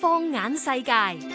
放眼世界。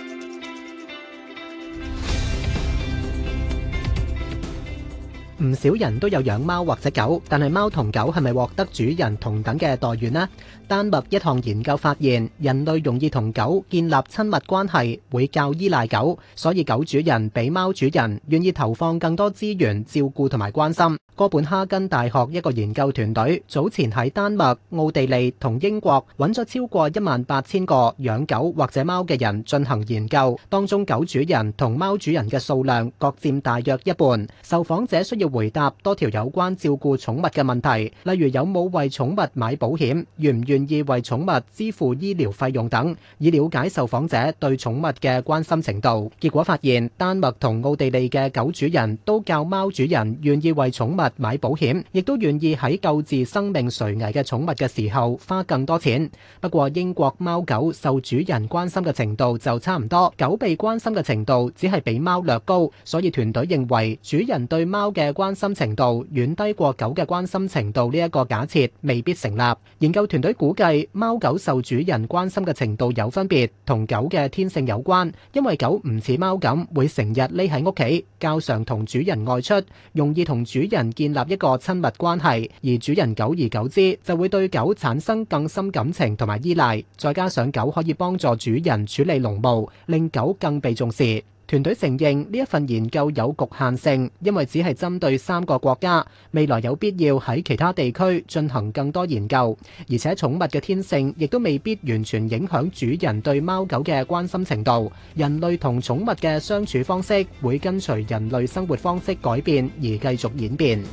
唔少人都有養貓或者狗，但係貓同狗係咪獲得主人同等嘅待遇呢？丹麥一項研究發現，人類容易同狗建立親密關係，會較依賴狗，所以狗主人比貓主人願意投放更多資源照顧同埋關心。哥本哈根大學一個研究團隊早前喺丹麥、奧地利同英國揾咗超過一萬八千個養狗或者貓嘅人進行研究，當中狗主人同貓主人嘅數量各佔大約一半，受訪者需要，回答多條有關照顧寵物嘅問題，例如有冇為寵物買保險、願唔願意為寵物支付醫療費用等，以了解受訪者對寵物嘅關心程度。結果發現，丹麥同奧地利嘅狗主人都較貓主人都願意為寵物買保險，亦都願意喺救治生命垂危嘅寵物嘅時候花更多錢。不過，英國貓狗受主人關心嘅程度就差唔多，狗被關心嘅程度只係比貓略高，所以團隊認為主人對貓嘅關心程度遠低過狗嘅關心程度呢一個假設未必成立。研究團隊估計，貓狗受主人關心嘅程度有分別，同狗嘅天性有關。因為狗唔似貓咁會成日匿喺屋企，較常同主人外出，容易同主人建立一個親密關係，而主人久而久之就會對狗產生更深感情同埋依賴。再加上狗可以幫助主人處理農務，令狗更被重視。團隊承認，呢一份研究有局限性，因為只係針對三個國家，未來有必要喺其他地區進行更多研究，而且寵物嘅天性亦都未必完全影響主人對貓狗嘅關心程度，人類同寵物嘅相處方式會跟隨人類生活方式改變而繼續演變。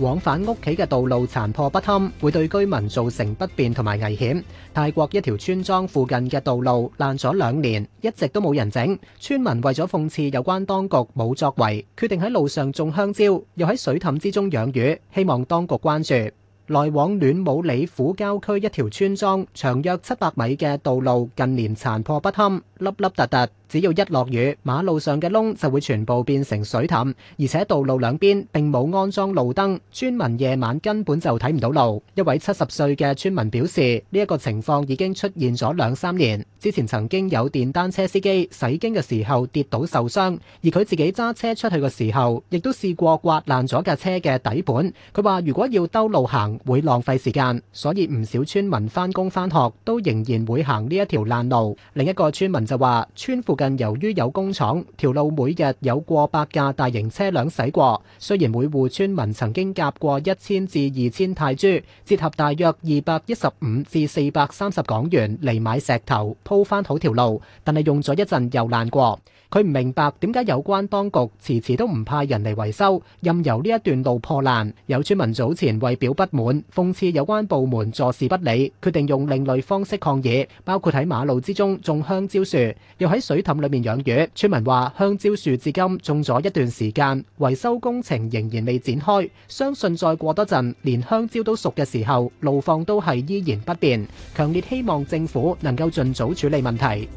往返屋企嘅道路殘破不堪，會對居民造成不便同埋危險。泰國一條村莊附近嘅道路爛咗兩年，一直都冇人整。村民為咗諷刺有關當局冇作為，決定喺路上種香蕉，又喺水凼之中養魚，希望當局關注。來往暖武里府郊區一條村莊長約七百米嘅道路近年殘破不堪，凹凹凸凸、凸凸。只要一落雨，馬路上嘅窿就會全部變成水凼。而且道路兩邊並冇安裝路燈，村民夜晚根本就睇唔到路。一位七十歲嘅村民表示，呢一個情況已經出現咗兩三年，之前曾經有電單車司機駛經嘅時候跌倒受傷，而佢自己揸車出去嘅時候，亦都試過刮爛咗架車嘅底盤。佢話：如果要兜路行，會浪費時間，所以唔少村民返工返學都仍然會行呢一條爛路。另一個村民就話：村副。近由於有工廠，條路每日有過百架大型車輛駛過。雖然每戶村民曾經夾過一千至二千泰銖，折合大約二百一十五至四百三十港元嚟買石頭鋪翻好條路，但係用咗一陣又爛過。佢唔明白點解有關當局遲遲都唔派人嚟維修，任由呢一段路破爛。有村民早前為表不滿，諷刺有關部門坐視不理，決定用另類方式抗議，包括喺馬路之中種香蕉樹，又喺水氹裏面養魚，村民話香蕉樹至今種咗一段時間，維修工程仍然未展開。相信再過多陣，連香蕉都熟嘅時候，路況都係依然不變。強烈希望政府能夠盡早處理問題。